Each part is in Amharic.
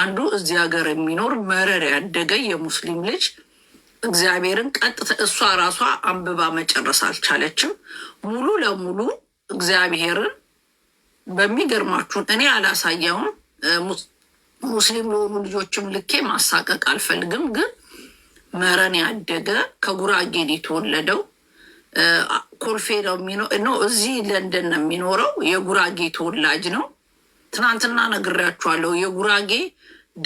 አንዱ እዚህ ሀገር የሚኖር መረር ያደገ የሙስሊም ልጅ እግዚአብሔርን ቀጥታ እሷ ራሷ አንብባ መጨረስ አልቻለችም። ሙሉ ለሙሉ እግዚአብሔርን በሚገርማችሁን እኔ አላሳየውም። ሙስሊም ለሆኑ ልጆችም ልኬ ማሳቀቅ አልፈልግም። ግን መረን ያደገ ከጉራጌን የተወለደው ኮልፌ ነው የሚኖ እዚህ ለንደን ነው የሚኖረው የጉራጌ ተወላጅ ነው። ትናንትና ነግሬያችኋለሁ። የጉራጌ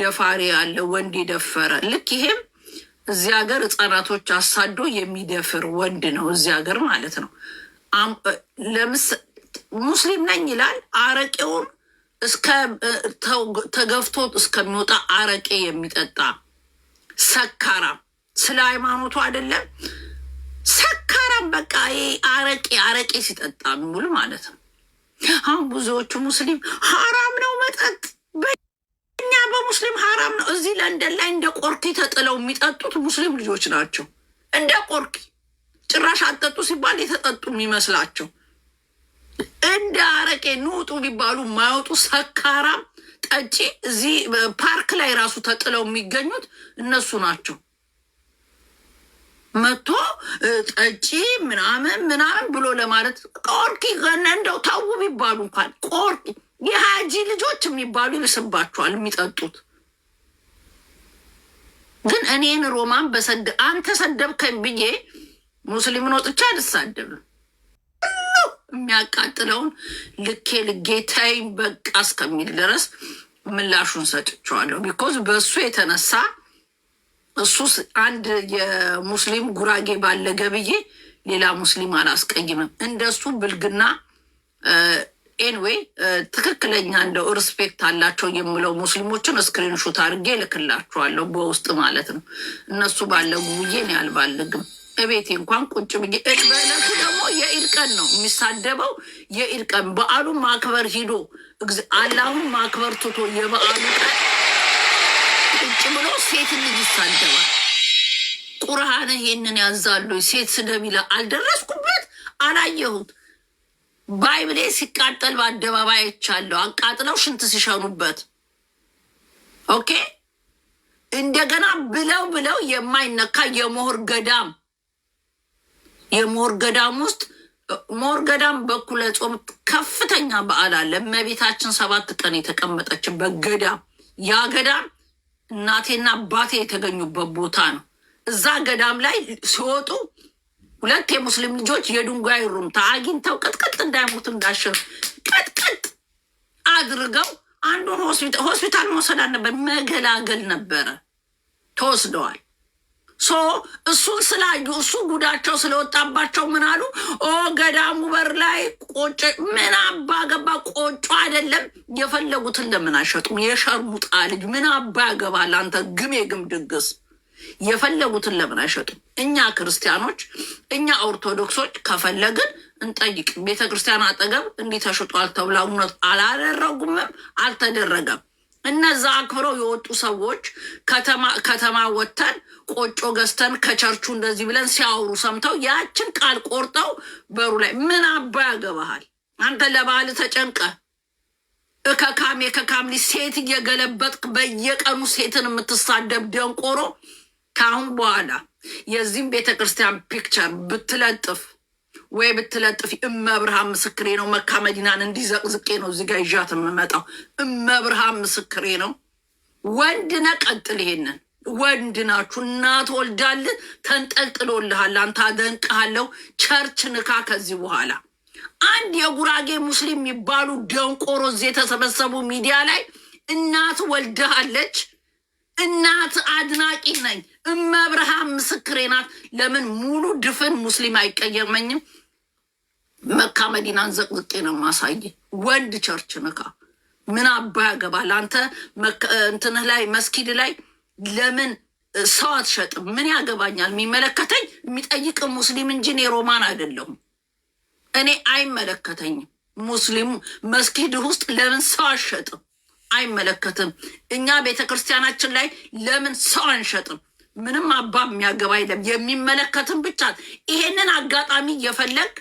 ደፋሪ ያለ ወንድ የደፈረ ልክ ይሄም እዚህ ሀገር ህጻናቶች አሳዶ የሚደፍር ወንድ ነው። እዚህ ሀገር ማለት ነው። ሙስሊም ነኝ ይላል። አረቄውን ተገፍቶ እስከሚወጣ አረቄ የሚጠጣ ሰካራም፣ ስለ ሃይማኖቱ አይደለም ሰካራም፣ በቃ አረቄ አረቄ ሲጠጣ የሚውል ማለት ነው። አሁን ብዙዎቹ ሙስሊም ሀራም ነው መጠጥ በኛ በሙስሊም ሀራም ነው። እዚህ ለንደን ላይ እንደ ቆርኪ ተጥለው የሚጠጡት ሙስሊም ልጆች ናቸው። እንደ ቆርኪ ጭራሽ አጠጡ ሲባል የተጠጡ የሚመስላቸው እንደ አረቄ ንውጡ ቢባሉ የማይወጡ ሰካራም ጠጪ እዚህ ፓርክ ላይ ራሱ ተጥለው የሚገኙት እነሱ ናቸው። መጥቶ ጠጪ ምናምን ምናምን ብሎ ለማለት ቆርቂ እንደው ታው የሚባሉ እንኳን ቆርቂ የሀጂ ልጆች የሚባሉ ይብስባቸዋል የሚጠጡት። ግን እኔን ሮማን በሰድ አንተ ሰደብከኝ ብዬ ሙስሊምን ወጥቼ አልሳደብም። የሚያቃጥለውን ልኬ ልጌታይን በቃ እስከሚል ድረስ ምላሹን ሰጥቼዋለሁ። ቢኮዝ በእሱ የተነሳ እሱስ አንድ የሙስሊም ጉራጌ ባለ ገብዬ ሌላ ሙስሊም አላስቀይምም። እንደሱ ብልግና ኤንዌይ ትክክለኛ እንደው ሪስፔክት አላቸው የምለው ሙስሊሞችን ስክሪንሹት አድርጌ ልክላችኋለሁ፣ በውስጥ ማለት ነው። እነሱ ባለጉ ብዬ እኔ አልባልግም። እቤቴ እንኳን ቁጭ ብዬ በዕለቱ ደግሞ የኢድ ቀን ነው የሚሳደበው። የኢድ ቀን በዓሉን ማክበር ሂዶ አላሁን ማክበር ትቶ የበዓሉ ቀን ቁጭ ብሎ ሴት ልጅ ይሳደባል። ቁርሃን ይሄንን ያዛሉ። ሴት አልደረስኩበት አላየሁት። ባይብሌ ሲቃጠል በአደባባይ አይቻለሁ። አቃጥለው ሽንት ሲሸኑበት ኦኬ። እንደገና ብለው ብለው የማይነካ የምሁር ገዳም የምሁር ገዳም ውስጥ ገዳም በኩለ ጾም ከፍተኛ በዓል አለ። እመቤታችን ሰባት ቀን የተቀመጠችበት ገዳም ያ ገዳም እናቴና አባቴ የተገኙበት ቦታ ነው። እዛ ገዳም ላይ ሲወጡ ሁለት የሙስሊም ልጆች የድንጋይ ሩምታ አግኝተው ቅጥቅጥ እንዳይሞት እንዳሸሩ ቅጥቅጥ አድርገው አንዱን ሆስፒታል መውሰድ ነበር መገላገል ነበረ። ተወስደዋል። ሶ እሱን ስላዩ እሱ ጉዳቸው ስለወጣባቸው ምን አሉ? ኦ ገዳሙ በር ላይ ቆጮ ምን አባ ገባ። ቆጮ አይደለም የፈለጉትን ለምን አይሸጡም? የሸርሙጣ ልጅ ምን አባ ያገባል? አንተ ግሜ ግም ድግስ የፈለጉትን ለምን አይሸጡም? እኛ ክርስቲያኖች፣ እኛ ኦርቶዶክሶች ከፈለግን እንጠይቅ። ቤተ ክርስቲያን አጠገብ እንዲህ ተሽጧል ተብላ እውነት አላደረጉምም፣ አልተደረገም። እነዛ አክብረው የወጡ ሰዎች ከተማ ወጥተን ቆጮ ገዝተን ከቸርቹ እንደዚህ ብለን ሲያወሩ ሰምተው ያችን ቃል ቆርጠው በሩ ላይ ምን አባ ያገባሃል አንተ ለባህል ተጨንቀ እከካም የከካም ሴት እየገለበጥክ በየቀኑ ሴትን የምትሳደብ ደንቆሮ ከአሁን በኋላ የዚህም ቤተክርስቲያን ፒክቸር ብትለጥፍ ወይ ብትለጥፊ እመብርሃን ምስክሬ ነው። መካ መዲናን እንዲዘቅዝቄ ነው ጋ ይዣት የምመጣው። እመብርሃን ምስክሬ ነው። ወንድ ነ ቀጥል። ይሄንን ወንድ ናችሁ። እናት ወልዳል ተንጠልጥሎልሃል። አንተ አደንቅሃለሁ። ቸርች ንካ ከዚህ በኋላ አንድ የጉራጌ ሙስሊም የሚባሉ ደንቆሮ እዚህ የተሰበሰቡ ሚዲያ ላይ እናት ወልዳሃለች፣ እናት አድናቂ ነኝ፣ እመብርሃን ምስክሬ ናት። ለምን ሙሉ ድፍን ሙስሊም አይቀየመኝም? መካ መዲናን ዘቅዝቄ ነው ማሳይ። ወንድ ቸርች ነካ ምን አባ ያገባል? አንተ እንትንህ ላይ መስኪድ ላይ ለምን ሰው አትሸጥም? ምን ያገባኛል? የሚመለከተኝ የሚጠይቅ ሙስሊም እንጂ እኔ ሮማን አይደለሁም። እኔ አይመለከተኝም። ሙስሊሙ መስጊድ ውስጥ ለምን ሰው አሸጥም? አይመለከትም። እኛ ቤተ ክርስቲያናችን ላይ ለምን ሰው አንሸጥም? ምንም አባ የሚያገባ የለም። የሚመለከትም ብቻ ይሄንን አጋጣሚ እየፈለግ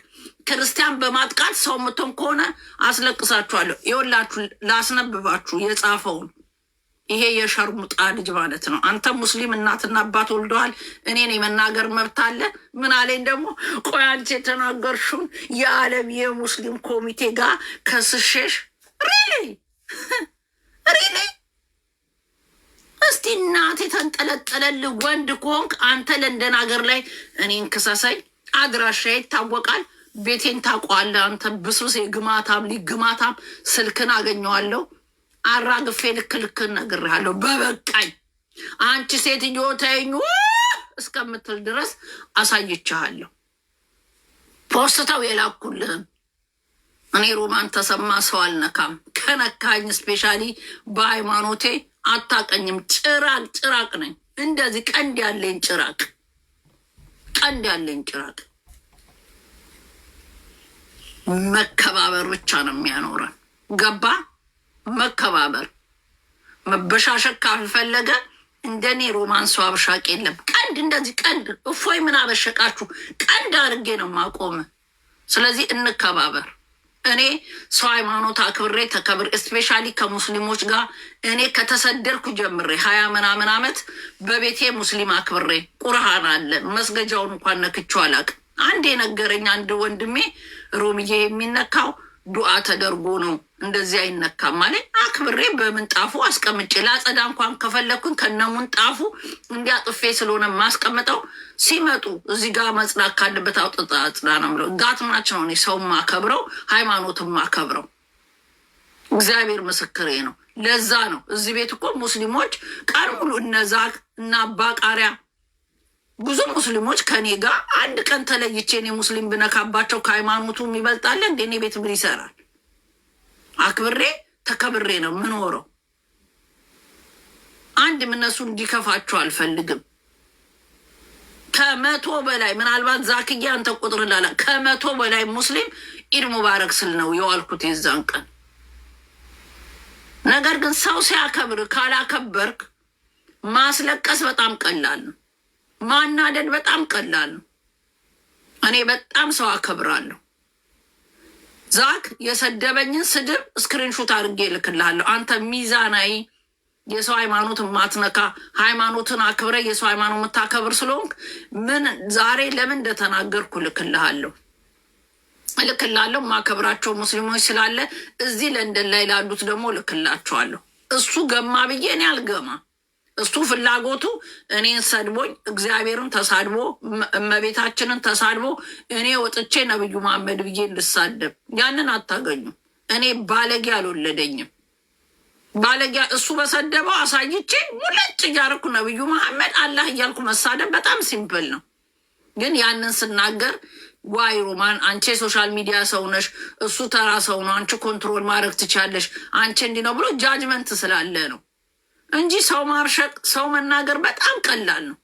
ክርስቲያን በማጥቃት ሰው ምቶን ከሆነ አስለቅሳችኋለሁ። ይኸውላችሁ ላስነብባችሁ የጻፈውን ይሄ የሸርሙጣ ልጅ ማለት ነው። አንተ ሙስሊም እናትና አባት ወልደዋል። እኔን የመናገር መብት አለ። ምን አለኝ ደግሞ ቆይ አንቺ የተናገርሽውን የዓለም የሙስሊም ኮሚቴ ጋር ከስሸሽ ሪሊ ሪሊ እስቲ እናት የተንጠለጠለል ወንድ ከሆንክ አንተ ለንደን ሀገር ላይ እኔን ክሰሰኝ። አድራሻ ይታወቃል። ቤቴን ታቋለ አንተ ብሱሴ ግማታም ግማታም ስልክን አገኘዋለሁ አራግፌ ልክ ልክን ነግርሃለሁ። በበቃኝ አንቺ ሴትዮ ተይኝ እስከምትል ድረስ አሳይቻሃለሁ። ፖስተው የላኩልህም እኔ ሮማን ተሰማ ሰው አልነካም። ከነካኝ ስፔሻሊ በሃይማኖቴ አታቀኝም። ጭራቅ ጭራቅ ነኝ። እንደዚህ ቀንድ ያለኝ ጭራቅ ቀንድ ያለኝ ጭራቅ መከባበር ብቻ ነው የሚያኖረን። ገባ? መከባበር። መበሻሸት ካልፈለገ እንደኔ ሮማንስ አብሻቅ የለም። ቀንድ እንደዚህ ቀንድ እፎይ ምን አበሸቃችሁ ቀንድ አድርጌ ነው ማቆም። ስለዚህ እንከባበር። እኔ ሰው ሃይማኖት አክብሬ ተከብር እስፔሻሊ ከሙስሊሞች ጋር እኔ ከተሰደርኩ ጀምሬ ሀያ ምናምን ዓመት በቤቴ ሙስሊም አክብሬ ቁርሃን አለ መስገጃውን እንኳን ነክቼው አላውቅም። አንድ የነገረኝ አንድ ወንድሜ ሮምዬ የሚነካው ዱዓ ተደርጎ ነው እንደዚህ አይነካም ማለት አክብሬ በምንጣፉ አስቀምጬ ላጸዳ እንኳን ከፈለግኩኝ ከነምንጣፉ እንዲያጥፌ ስለሆነ ማስቀምጠው ሲመጡ እዚህ ጋር መጽናት ካለበት አውጥታ አጽዳ ነው ብለው ጋትማች ነው ሰው ማከብረው ሃይማኖት ማከብረው እግዚአብሔር ምስክሬ ነው። ለዛ ነው እዚህ ቤት እኮ ሙስሊሞች ቀን ሙሉ እነዛ እና አባቃሪያ ብዙ ሙስሊሞች ከኔ ጋር አንድ ቀን ተለይቼ እኔ ሙስሊም ብነካባቸው ከሃይማኖቱ የሚበልጣለ እንደ እኔ ቤት ምን ይሰራል? አክብሬ ተከብሬ ነው ምኖረው። አንድም እነሱ እንዲከፋቸው አልፈልግም። ከመቶ በላይ ምናልባት ዛክያ አንተ ቁጥር ላላ ከመቶ በላይ ሙስሊም ኢድ ሙባረክ ስል ነው የዋልኩት የዛን ቀን። ነገር ግን ሰው ሲያከብር ካላከበርክ ማስለቀስ በጣም ቀላል ነው። ማናደድ በጣም ቀላል ነው። እኔ በጣም ሰው አከብራለሁ። ዛክ የሰደበኝን ስድብ ስክሪንሹት አድርጌ እልክልሃለሁ። አንተ ሚዛናዊ የሰው ሃይማኖት ማትነካ ሃይማኖትን አክብረ የሰው ሃይማኖት የምታከብር ስለሆንክ ምን ዛሬ ለምን እንደተናገርኩ ልክልሃለሁ እልክላለሁ። ማከብራቸው ሙስሊሞች ስላለ እዚህ ለንደን ላይ ላሉት ደግሞ እልክላቸዋለሁ። እሱ ገማ ብዬ እኔ አልገማ እሱ ፍላጎቱ እኔን ሰድቦኝ እግዚአብሔርን ተሳድቦ እመቤታችንን ተሳድቦ እኔ ወጥቼ ነብዩ መሐመድ ብዬ ልሳደብ ያንን አታገኙም። እኔ ባለጌ አልወለደኝም። ባለጌ እሱ በሰደበው አሳይቼ ሙለጭ እያደረኩ ነብዩ መሐመድ አላህ እያልኩ መሳደብ በጣም ሲምፕል ነው። ግን ያንን ስናገር ዋይ ሮማን አንቺ የሶሻል ሚዲያ ሰው ነሽ፣ እሱ ተራ ሰው ነው፣ አንቺ ኮንትሮል ማድረግ ትቻለሽ፣ አንቺ እንዲህ ነው ብሎ ጃጅመንት ስላለ ነው። እንጂ ሰው ማብሸቅ ሰው መናገር በጣም ቀላል ነው።